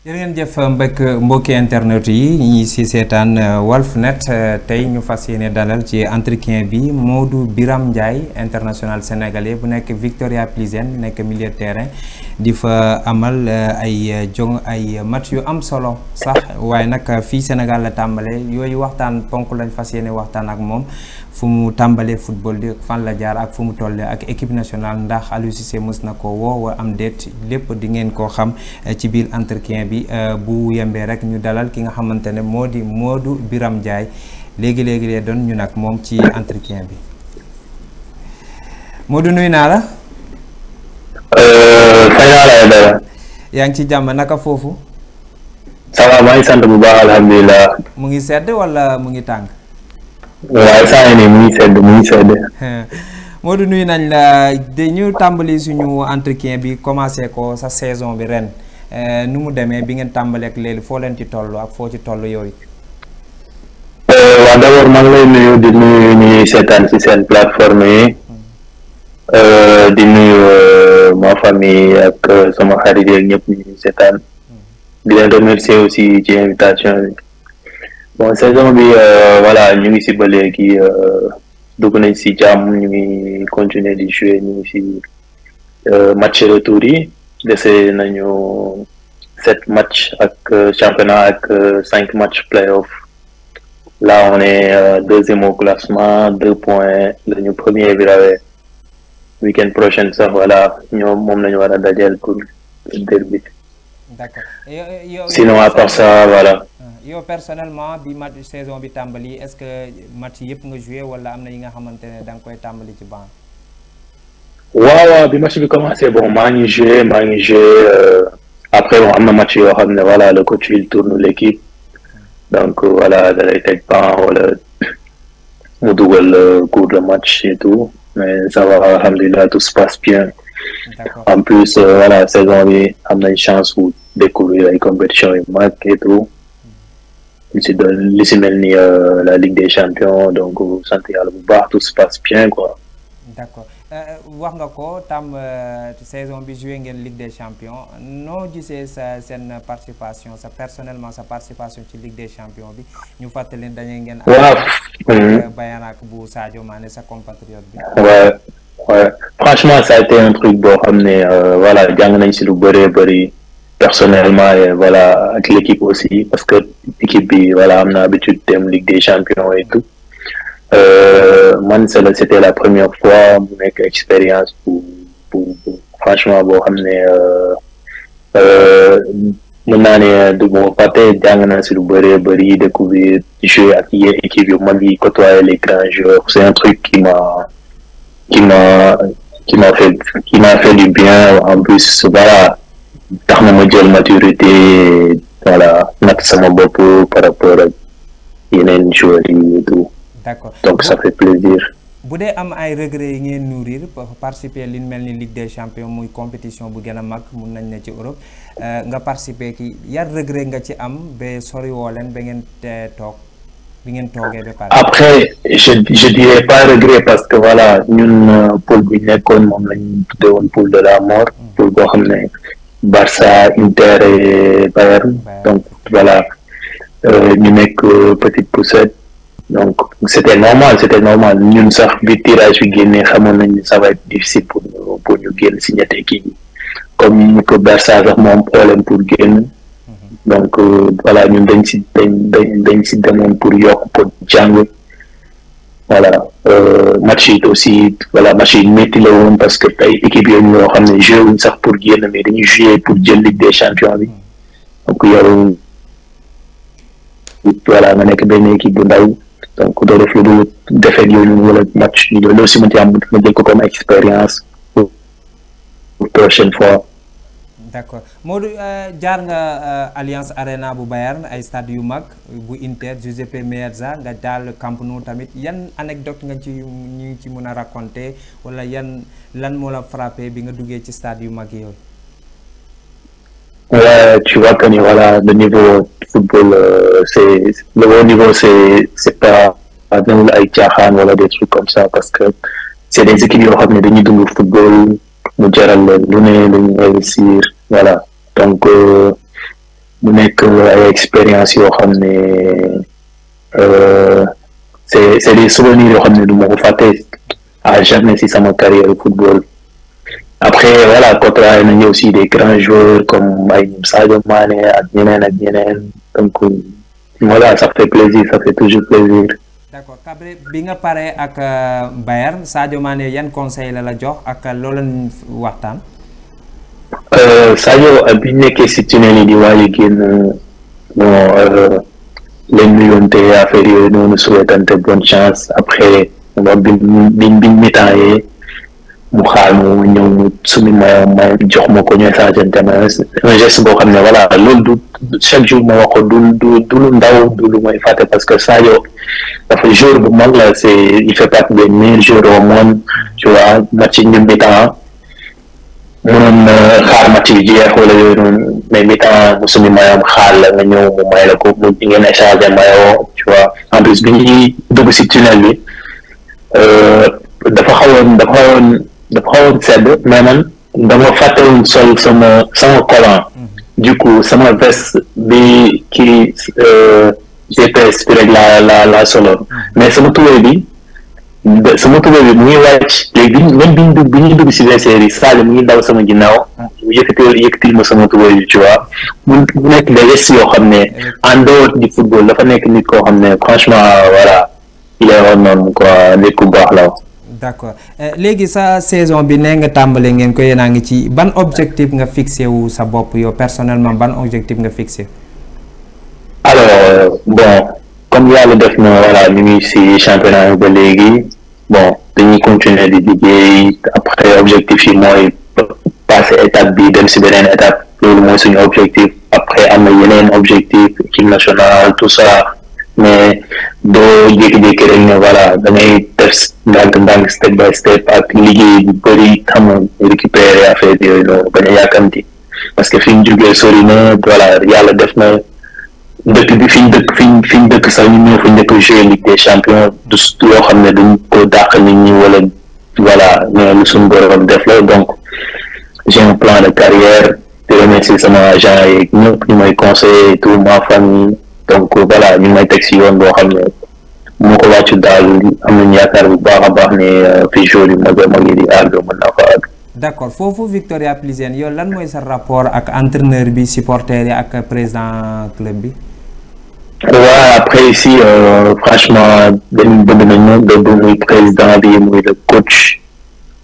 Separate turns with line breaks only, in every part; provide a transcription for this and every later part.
jërë jëf mbëkk mbokki internet yi ñi si seetaan euh, Walf Net euh, tey ñu fas yéene dalal ci entretien bi Modou Biram Ndiaye international sénégalais bu nekk Victoria Plizen nekk milieu terrain di fa amal eh, ay eh, jong ay eh, match yu am solo sax waaye nag fii Sénégal la tàmbale yooyu waxtaan ponk lañ fas yéene waxtaan ak moom fu mu tàmbalee football bi fan la jaar ak fu mu tollee ak équipe nationale ndax Aliou Cissé mës na ko woo am déet lépp di ngeen koo xam ci biir entretien bi bu yembee rek ñu dalal ki nga xamante ne moo di moo du Biram Ndiaye léegi léegi lee doon ñu nag moom ci entretien bi Modou nuyu naa la. Euh, yaa ngi ci jàmm naka foofu.
ça va maa bu baax alhamdulilah.
mu ngi sedd walla mu ngi tàng.
waaye saa yi nii mu ngi sedd mu ngi sedd.
Modou nuyu nañ la dañu tàmbali suñu entretien bi commencé ko sa saison bi ren eh, nu mu demee bi ngeen tàmbaleek léegi foo leen ci toll ak foo ci toll yooyu. Eh, waaw d'abord maa lay
nuyu di nuyu ñuy seetaan ci seen plateforme Eh, di nuyu eh, ma famille ak eh, sama xarit yeeg ñëpp ñu seetaan mm-hmm. di leen remercier aussi ci invitation bi bon saison bi voilà ñu ngi si ba léegi dugg nañ si jàmm ñu ngi continuer di jouer ñu ngi si match retour yi dese nañu sept match ak championnat ak cinq match playoff là on est deuxième au classement deux points la ñu premier bi weekend prochain sax voilà ñoom moom lañu war a dajeel pour derby
d'accord sinon à part ça voilà euh, bi match saison bi tàmbali est-ce que match yëpp nga joué wala am na yi nga xamante ne dang koy tàmbali ci banc waaw
bi match bi commencé bon maa ngi joué maa ngi joué euh, après bon match yoo xam ne voilà le coach il tourne l'équipe donc voilà da lay teg wala mu dugal euh, cours de match et mais ça va, alhamdulillah, tout se passe bien. En plus, euh, voilà, saison on a une chance pour découvrir les compétitions et et tout. Mm. li si mel ni euh, la Ligue des Champions donc sant yàlla bu baax tout se passe bien quoi.
d'accord Euh, wax nga ko tam euh, saison bi joué ngeen Ligue des Champions noo gisee sa seen participation sa personnellement sa participation ci Ligue des Champions bi ñu fàttali leen dañuy ngeen. ak euh, mm-hmm. Bayern bu Sadio maane sa compatriote bi. waaw
waaw franchement ça a été boo xam ne jàng nañ si lu bëree bëri personnellement et voilà ak l' équipe aussi parce que équipe bi voilà am na habitude dem Ligue des Champions et Euh, man cela c'était la première fois mu nekk expérience bu franchement boo xam ne euh, euh, mën naa ne du ma fàtte jàng naa si lu bëree bëri découvrir jeu ak yenn équipe yu mag yi côtoyer les grands joueurs c'est un truc qui m'a qui m'a fait du bien en plus voilà tax na ma jël maturité voilà nag sama bopp par rapport ak et tout d'accord donc ça fait plaisir.
bu dee am ay regrets yi ngeen nourrir participer li mel ni Ligue des champions muy compétition bu gën a mag mun nañ ne ci Europe euh, nga participer ki yar regret nga ci am ba sori woo leen ba ngeen toog bi ngeen toogee ba pare. après
je je pas regret parce que voilà ñun euh, poule bu nekkoon moom la ñu tuddee woon de la mort. Mm. poule boo xam ne Barça Inter et Bayern donc voilà euh, ñu nekk petite poussette. donc c'était normal c'était normal ñun sax bi tirage bi génnee xamoon nañ ne ça va être difficile pour ñu génn si ñett équipe yi comme ñu ko moom problème pour génn donc euh, voilà ñun dañ si dañ dañ dañ si demoon pour yokk pour jàng voilà euh, match yi aussi voilà match yi métti la woon parce que tey équipe yooyu ñoo xam ne joué wuñ sax pour génn mais dañuy joué pour jël Ligue des champions bi donc yow voilà nga nekk benn équipe bu ndaw. donc doo def lu dul défaite yooyu wala match yooyu loolu si mënti am nga jël ko comme expérience pour prochaine fois.
d'accord Modou euh, jaar nga euh, Alliance Arena bu Bayern ay stade yu mag bu Inter Giuseppe Meazza nga daal Camp Nou tamit yan anecdote nga ci ñu ci mën a raconter wala yan lan moo la frappé bi nga duggee ci stade yu mag yooyu.
tu vois que le niveau football. Euh, c'est le haut niveau c'est c'est pas demul ay caaxaan wala des trucs comme ça parce que c'est des équipes yoo xam ne dañuy dund football mu jaral leen lu ne dañuy réussir voilà donc euh, mu nekk ay expérience yoo xam ne euh, c'est c'est des souvenirs yoo xam ne du ma ko fàtte si sama carrière football après voilà côtoyé nañu aussi des donc euh, voilà ça fait plaisir ça fait toujours plaisir. d'
accord bi nga pare ak euh, Bayern Sadio Mané yan conseil la la jox ak euh, loola waxtaan.
Euh, Sadio bi nekkee si tunnel yi di waaj génn bon leen nuyonte affaire yooyu noonu souhaitante bonne chance après bi bi bi mu xaar mu sumi ma ma jox ma ko ñooy saajante ma un geste boo xam ne voilà loolu du chaque jour ma wax du du lu ndaw du lu may fàtte parce que Sadio dafa jour bu mag la c'est il fait partie des meilleurs joueurs au monde tu vois match yi ñu mi xaar match yi wala yooyu mais mi-temps mu sumi mayoom xaar la nga ñëw mu may la ko mu ngeen échangé mayoo tu en plus bi dugg si tunnel bi euh, dafa xawoon dafa xawoon dafa xawoon sedd mais dama fàttewuñ sol sama sama collant mhm. du coup sama veste bi kii euh, GPS bi rek la la soloon mhm. mais sama tubéy bi sama tubéy bi mu ngi wàcc léegi biñ même biñ dugg bi si vestiaire yi Sadio mu ngi daw sama ginnaaw mhm. yëkkati yëkkatil ma sama tubéy bi tu vois mu nekk des gestes yoo xam ne en dehors du football dafa nekk nit koo xam ne franchement voilà il est noonu quoi nit baax la
d' accord eh, léegi sa saison bi nee nga tàmbale ngeen ko yéen ngi ci ban objectif nga fixé wu sa bopp yow personnellement ban objectif nga fixé. alors bon comme yàlla def na voilà ñu ngi si
championnat ba léegi bon dañuy continuer di liggéey après objectif yi mooy passer étape bi dem si beneen étape loolu mooy suñu objectif après am na yeneen objectif équipe nationale tout ça. mais doo jékki-jékki rek ne voilà da ngay def ndànk ndànk step by step ak liggéey bu bëri xam nga récupérer affaire yooyu noonu bañ a parce que fi ñu jógee sori na voilà yàlla def na dëkk bi fi ñu dëkk fi ñu fi ñu dëkk sax ñu ñëw fa njëkk jouer Ligue des champions xam ne duñ ko dàq nit ñi wala voilà mais lu suñ borom def la donc j'ai un plan de carrière di remercier sama agent yeeg ñëpp ñu may conseiller et ma famille donc voilà ñu may teg si yoon boo xam ne moo ko wàccu daal am nañu yaakaar bu baax a baax ne euh, fi jour yi mag a di àgg mën naa
fa foofu Victoria Plzen yow lan mooy sa rapport ak entraîneur bi supporter yi ak président club bi.
waaw après ici euh, franchement dañu bëgg nañu bëgg muy président bi muy le coach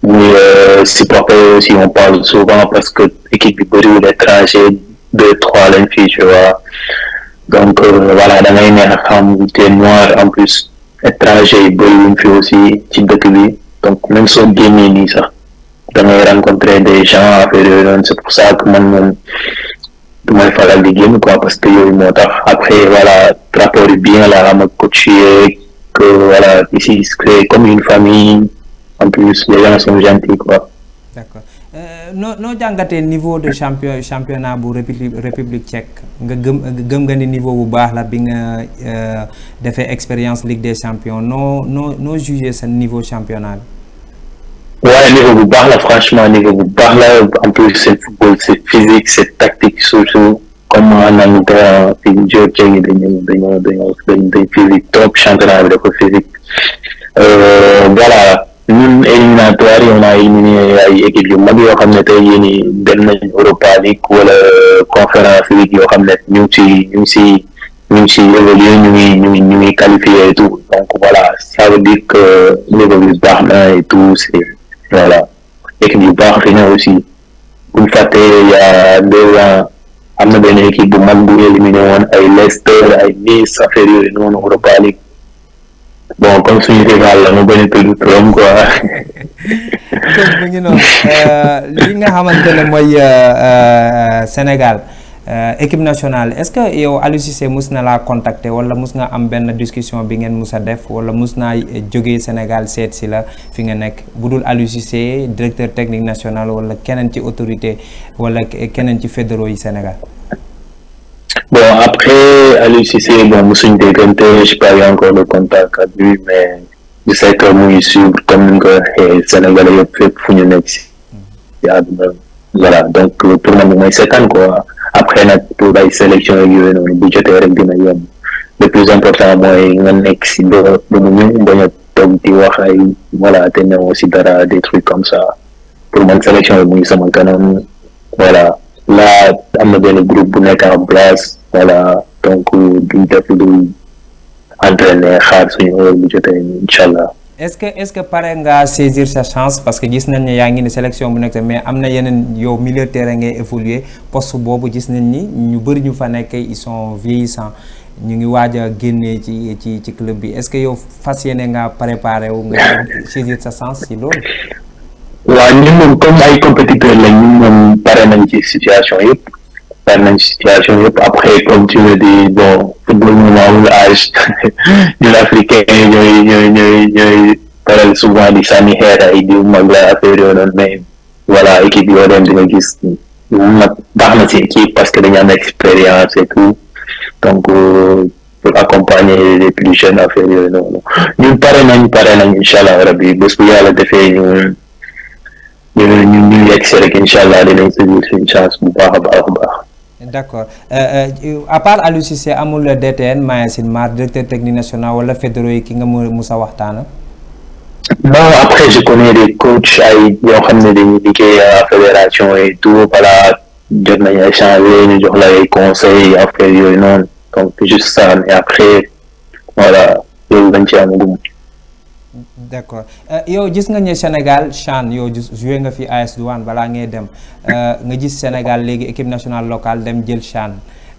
muy euh, supporter aussi on parle souvent parce que équipe bi bëriwul étranger deux trois lañ fii donc euh, voilà damay neex a xam te noir en plus étranger yi bëri yuñ fi aussi ci dëkk bi donc même soo génnee nii sax damay rencontrer des gens affaire yooyu noonu c'est pour ça que man moom du may di génn quoi parce que yooyu moo après voilà rapport yi bien la am ak coach yeeg euh, que voilà ici se comme une famille en plus les gens sont gentils quoi
noo noo jàngatee niveau de champion championnat bu république république nga gëm gëm nga ni niveau bu baax la bi nga euh, defee expérience Ligue des champions noo noo noo sa niveau championnat
bi. waaye niveau bu baax la franchement niveau bu baax la en plus football c'est physique c'est tactique surtout comme naan gars fi joueur tchèque yi dañoo dañoo dañoo dañ physique trop championnat bi dafa physique euh, voilà. ñun éliminatoire on a éliminé ay équipes yu mag yoo xam ne tey jii nii dem nañ Europa League wala conférence league yoo xam ne ñu ngi ci ñu ngi ci ñu ngi ci évolué ñu ngi ñu ngi ñu ngi qualifié et tout donc voilà ça veut dire que niveau bi baax na et tout c'est voilà équipe yu baax fi na aussi bu ñu fàttee a deux ans am na benn équipe bu mag bu éliminé woon ay Leicester ay Nice affaire yooyu noonu Europa League bon comme suñu rival la ñu bañ a tudd turam quoi.
kon mi euh, li nga xamante ne mooy euh, euh, Sénégal équipe nationale est-ce que yow Aliou mus na laa contacter wala mus nga am benn discussion bi ngeen mus a def wala mus naa jóge Sénégal seet si la fi nga nekk bu dul Aliou Cissé directeur technique national wala keneen ci autorité wala keneen ci fédéro yi Sénégal.
bon a Cissé bon mosuñ déggante je n'ai pas eu encore le contact ak lui mais je sais que mu ngi suivre comme ni nga ko waxee Sénégalais yëpp fépp fu ñu nekk si àdduna voilà donc pour le moment mooy seetaan quoi après nag pour ay sélection ak yooyu noonu bu jotee rek dina yomb le plus important mooy nga nekk si ba ba mu ñëw bañ a voilà te newoo si dara des trucs comme ça pour man sélection bi mu ngi sama kanam voilà là am na benn groupe bu nekk en place voilà donc duñ euh, def lu entraîner xaar suñu heure bu jotee incha allah.
est-ce que est-ce que pare nga saisir sa chance parce que gis nañ ne yaa ngi ne sélection bu nekk mais am na yeneen yow milieu terrain ngay évoluer poste boobu gis nañ ni ñu bëri ñu fa nekk ils sont vieillissants ñu ngi waaj a génnee ci ci ci club bi est-ce que yow fas yéene nga préparé wu nga saisir sa chance ci loolu.
waaw ñun moom comme ay compétiteurs lañ ñun moom pare nañ ci situation yëpp. perd nañ situation yëpp après comme tu le dis bon football moom amul âge ñun africain ñooy ñooy ñooy ñooy paral souvent di sànni xeer ay diw mag la affaire yoo noonu mais voilà équipe yoo dem di nga gis nag baax na si équipe parce que dañu am expérience et tout donc pour accompagner les plus jeunes affaires yooyu noonu ñun pare nañ pare nañ incha allah rabi bés bu yàlla defee ñu ñu ñu ñu yegg si rek incha allah dinañ saisir suñu chance bu baax a baax a baax
d'accord euh, euh, à part Aliou Cissé amul DTN Maya Sine Mar directeur technique national wala fédéraux yi ki nga mu musa waxtaana
non après je connais des coachs ay yoo xam ne dañuy liggéey à fédération et tout voilà jot nañu échanger ñu jox la ay conseils après yooyu noonu donc juste ça mais après voilà loolu dañ ci amagum
d' accord euh, yow gis nga ne Sénégal CHAN yow joué nga fi AS Douane balaa ngay dem euh, nga gis Sénégal léegi équipe national local dem jël CHAN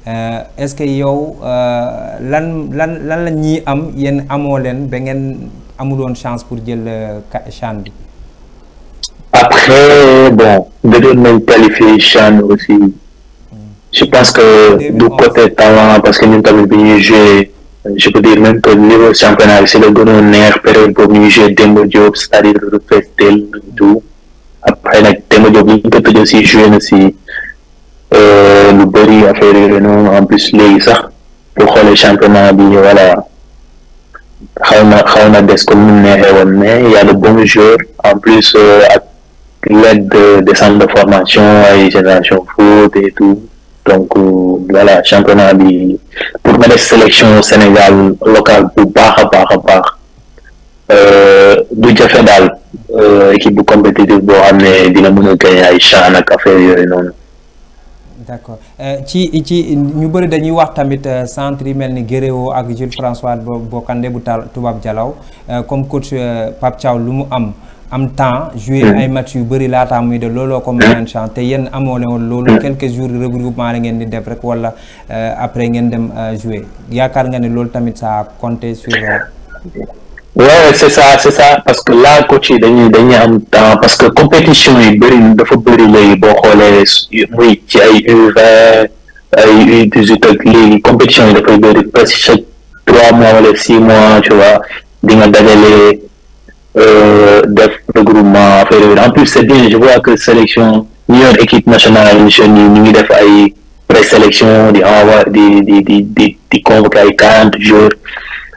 euh, est ce que yow lan lan lan la ñuy am yenn amoo leen ba ngeen doon chance pour jël CHAN bi.
après bon gëjoon nañ qualifié CHAN aussi hmm. je pense que du côté talent parce ñun tamit bi ñuy joué. je peux dire même que niveau championnat si la gën a neex période boobu ñuy joué Demba Diop c'est-à-dire festel tout après nag Demba Diop ñu ko tëjee si joué na si lu bëri affaire yooyu noonu en plus léegi sax bu xoolee championnat bi voilà xaw na xaw na des comme ni mu mais y a de bons joueurs en plus l'aide des centres de formation ay Génération Foot et donc voilà championnat bi ma def sélection Sénégal local bu baax a baax a baax euh, du jafe daal euh, équipe bu compétitive boo xam ne dina mën a ay chan ak affaire yooyu noonu.
d'accord euh, ci ci ñu bëri dañuy wax tamit centre yi mel ni Guéréo ak Jules François Bocandé bu Toubab Dialaw comme coach Pape lu mu am. am temps jouer mm. ay match yu bëri laataa muy de looloo ko mayoon mm. chance te yéen amoo leen woon loolu mm. quelques jours regroupement la ngeen di def rek wala euh, après ngeen dem euh, jouer yaakaar nga ne loolu tamit sa a compté euh, ça
c'est parce que là coach yi dañuy dañuy am temps parce que compétition bëri dafa bëri léegi boo xoolee muy ci ay U20 ay u compétition yi dafay bëri presque chaque trois mois wala six mois tu vois di nga Euh, def regroupement affaire yooyu en plus c'est bien je vois que sélection ñu yor équipe nationale jeunes yi ngi def ay présélection di envoyer di di di di di convoquer ay jours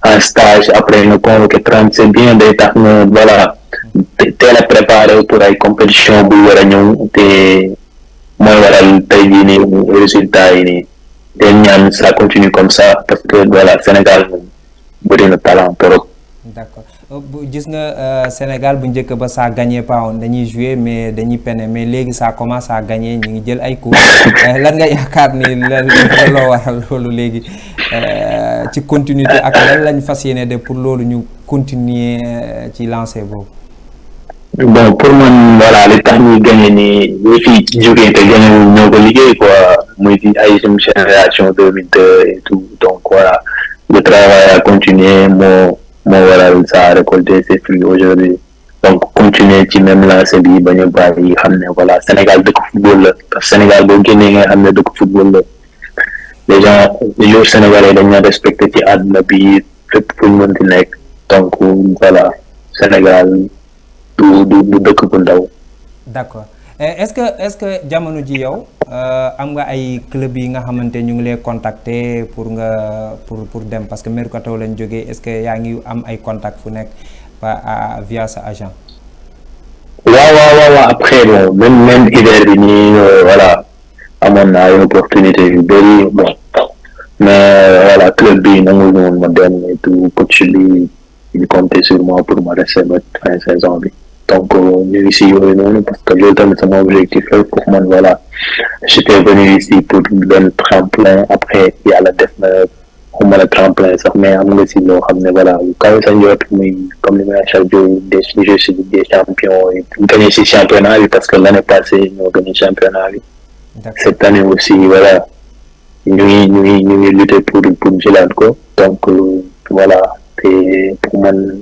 en stage après nga convoquer trente c'est bien day tax na voilà teel a pour ay compétition bu war a ñëw te mooy waral tey jii nii résultat yi nii te continue comme ça parce que voilà Sénégal
bu gis nga euh, Sénégal bu njëkk ba ça gagné pas dañuy jouer mais dañuy peine mais léegi sa commence à gagner ñu ngi jël ay coups euh, lan nga yaakaar ni lan loo waral loolu léegi euh, ci continuité ak lan lañ fas yéene de pour loolu ñu continuer ci lancé boobu.
bon pour man voilà li tax ñuy gagné ni ñi fi jógee te gagné ñoo ko liggéey quoi muy di ay génération deux mille deux et tout donc voilà le travail a continué moo. moo waral ça a récolté ses fruits aujourd'hui donc continuer ci même lancé bi ba ñu bàyyi xam ne voilà Sénégal dëkk football la Sénégal boo génnee nga xam ne dëkk football la les gens les joueurs sénégalais dañu respecté ci àdduna bi fépp fu ñu mënti nekk donc Sénégal du du du dëkk bu ndaw.
Eh, est-ce que est-ce que jamono ji yow euh, am nga ay club yi nga xamante ñu ngi lay contacter pour nga pour pour dem parce que mercato lañu jógee est-ce que yaa ngi am ay contact fu nekk via sa agent.
waaw waaw waaw après bon même même hiver bi nii euh, voilà amoon na ay opportunité yu bëri bon mais voilà club bi nangu woon ma dem tout coach bi il comptait sur pour ma rester ba fin saison bi. donc ñu ngi si yooyu noonu parce que loolu tamit sama objectif la pour man voilà j'étais venu ici pour benn tremplin après yàlla def na xuma la tremplin sax mais am nga si loo xam ne voilà kaw sa njort muy yi gagné si championnat parce que l'année passée ñoo gagné championnat bi cette année aussi voilà ñu ngi ñu ngi lutter pour pour jëlaat ko donc voilà te pour man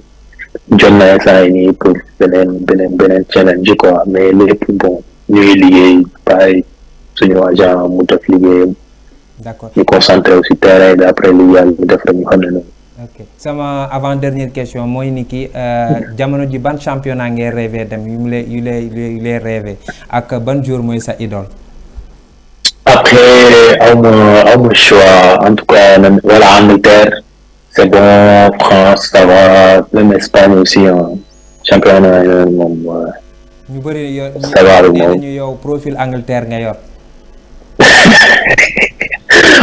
jot na instant yi nii pour beneen beneen beneen challenge quoi mais lépp bon ñu liggéey pareil suñu agent mu def liggéeyam. d'accord ñu concentré aussi terrain bi après li yàlla def rek xam ne noonu.
sama avant dernière question mooy ni ki euh, jamono ji ban championnat ngay rêvé dem yu mu lay yu lay yu lay rêvé ak ban jour mooy sa idole.
après aw ma aw ma choix en tout cas voilà Angleterre. c'est bon, France, ça va, Espagne aussi hein. championnat yooyu euh, moom.
ñu bëri yor ñu yow profil Angleterre nga yor.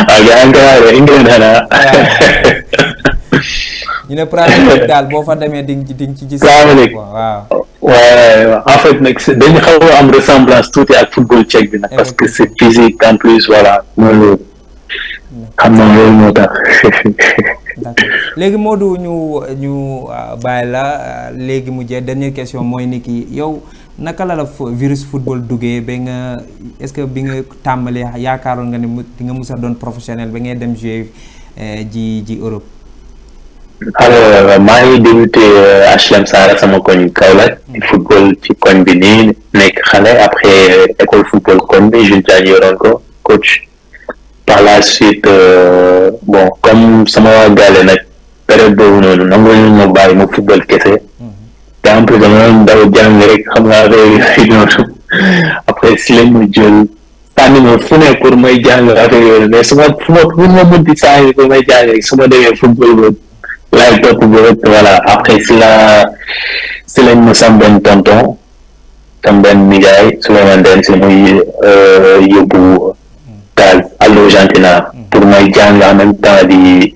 waaw gars Angleterre Angleterre ñu ne pratique daal boo fa demee di nga ci di nga waaw
waaw en nag dañu xaw a am tuuti ak football tchèque bi nag. Eh parce que c'est physique en plus voilà. mooy loolu. Mm. xam naa loolu moo tax.
d'accord léegi Modou ñu ñu euh, bàyyi la euh, léegi mu jeex question mooy ni ki yow naka la la virus football duggee ba nga est-ce que bi nga tàmbalee yaakaaroon nga ne di nga mus doon professionnel ba ngay dem jouer euh, ji ji Europe. alors maa ngi débuté
HLM Saara sama koñ Kaolack mm. football ci koñ bi nii nekk xale après école football koñ bi Jules Diagne yoroon ko coach. par la suite euh, bon comme sama waa gaale nag période boobu noonu nanguwul ñu ma bàyyi football kese te en plus dama doon rek xam nga affaire yooyu après si lañ ma jël tànn ma fu ne pour may jàng affaire yooyu rek su ma demee football boobu laay topp boobu voilà après si la si lañ ma sam tonton sam benn nijaay su ma si muy euh, yóbbu. daal àll mm. pour may jàng en même di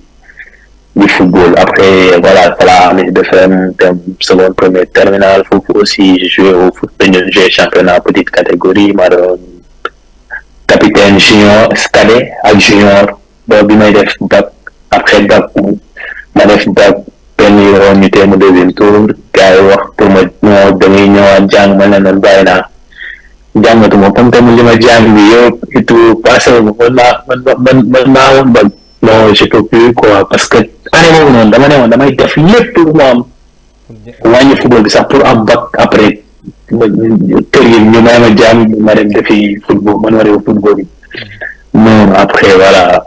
football après voilà voilà mes BFM seconde première terminale foofu aussi j'ai joué au petite catégorie ma doon capitaine junior cadet ak junior ba bi may def bac après bac ma def bac benn yoon ñu téemu deuxième tour gars yi wax pour ma moo dañuy ñëwaat jàng ma ne leen bàyyi naa jàngatuma comme tamit li ma parce que année boobu dama ne damay def lépp pour mu am wàññi football bi sax pour am après kër ñu may ma jàng ma dem defi football man ma football bi après voilà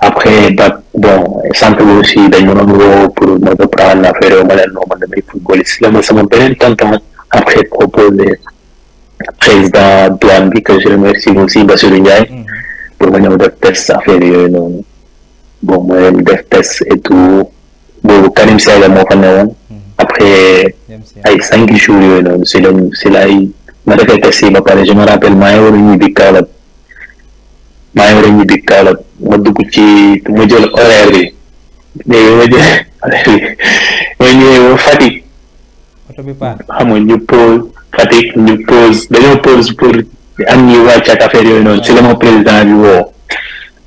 après bac bon centre bi aussi dañu woo pour ma reprendre affaire yoo ma leen noo man damay footballiste la ma beneen tonton après proposé. président douane bi que je remercie aussi Bassirou hmm. Ndiaye pour ma ñëw def test affaire yooyu noonu bon ma dem def test et tout boobu Karim Sega moo fa newoon après ay cinq jours yooyu noonu si la si la ma defee test yi pare je me rappelle maa ngi war a ñibbi Kaolack maa ngi war a ma dugg ci ma jël horaire bi léegi ma jël horaire
bi ma
ñëwee Fatick ñu pause dañoo pause pour am ñuy ak affaire yooyu noonu si la ma président bi woo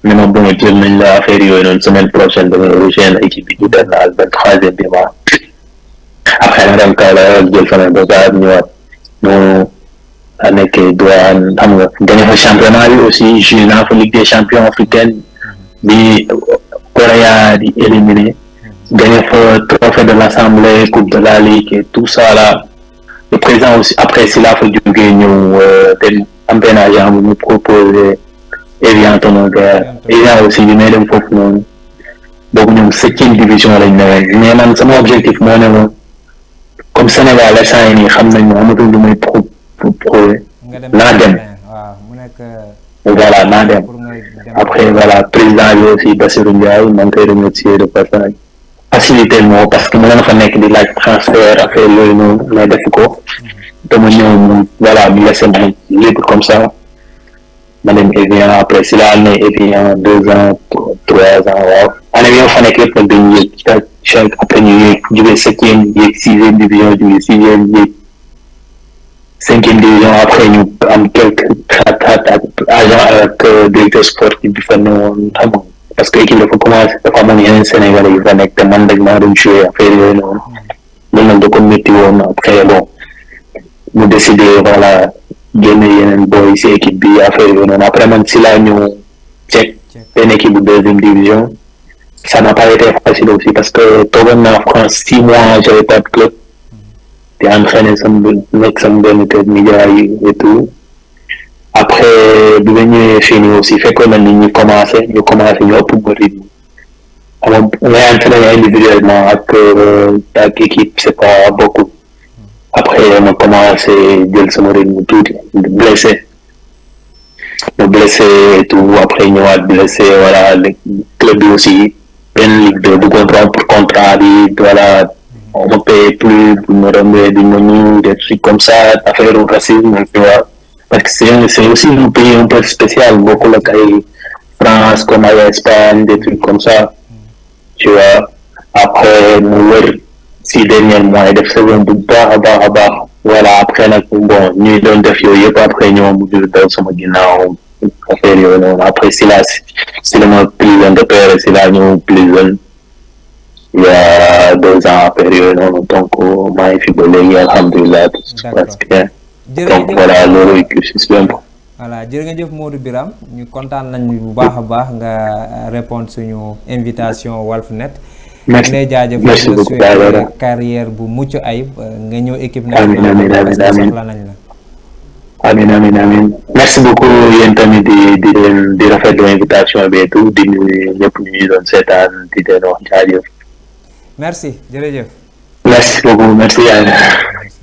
ne ma bon jël nañ la affaire yooyu noonu semaine prochaine dama rejoindre équipe bi hivernale vingt troisième bi ma après ma dem Kaolack jël sama bagage ñëwaat ñu nekk douane xam nga championnat bi aussi joué naa Ligue des champions africaine bi Corée di éliminé gagné fa trophée de l'Assemblée coupe de la Ligue et tout ça le président aussi après si laa fa jógee ñëw benn euh, am benn agent bu ñu proposé Evian Tomodera Evian aussi bi may dem foofu noonu boobu ñoom septième division lañ newee mais man sama objectif moo ne woon comme Sénégal instant yii nii xam nañu amatul lu muy pro pro naa dem voilà naa dem après voilà président bi aussi Bassirou Ndiaye maa ngi koy de passage facilité moo parce que mu nga fa nekk di laaj transfert affaire yooyu noonu mais def ko te mu ñëw mu voilà mu laissé ma libre comme ça ma dem après si laa ne Evian deux ans trois ans waaw année bi fa nekk yëpp nag chaque après ñu yéeg jógee division division après ñu am quelques at at ak agent euh, fa newoon xam parce que équipe dafa commencé dafa amoon yeneen Sénégalais yu fa nekk te man rek maa doon joué affaire yooyu noonu loolu nag da ko métti woon après bon mu décidé voilà génne yeneen boy si équipe bi affaire yooyu noonu après man si laa ñëw Tchèque benn bu deuxième division ça n'a pas été facile aussi parce que toogoon naa France six mois j'avais pas de club te entraîné sama nekk sama benn club Nijaay et tout. après bi nga ñëwee fii nii aussi fekkoon na nit ñi commencé ñu commencé ñu ëpp ba nga ngay entraîné individuellement ak euh, ak équipe c'est pas beaucoup après ma commencé jël sama rythme tuuti blessé ma blessé et tout après ñëwaat blessé voilà club aussi benn ligue de bëggoon rompre contrat voilà on me plus bu ma remboursé du ma ñu des trucs comme ça affaire racisme tu vois para que sean, se um empenho um preço especial. Vou France, como a Espanha, des trucs comme ça. après, Mouer, si dernier mois, il a fait un bout de barre, barre, barre. Voilà, après, là, bon, nous, dans le défi, il après, nous, on bouge dans yooyu noonu après si la si la ma prison de père si la ñu prison il y a deux ans affaire yooyu noonu donc maa ngi fi ba léegi alhamdulilah tout se donc voilà loolu cursus bi am ko.
voilà jërëjëf Modou Biram ñu kontaan nañ bu baax a baax nga répondre suñu invitation Walfnet. merci lay jaajëfal suñu carrière bu mucc ayib euh, nga ñëw équipe na amiin amiin amiin la. amiin
amiin amiin merci beaucoup yéen tamit di di leen di rafetlu invitation bi et tout di nuyu ñëpp ñu ngi doon seetaan di leen wax jaajëf.
merci jërëjëf.
merci beaucoup merci.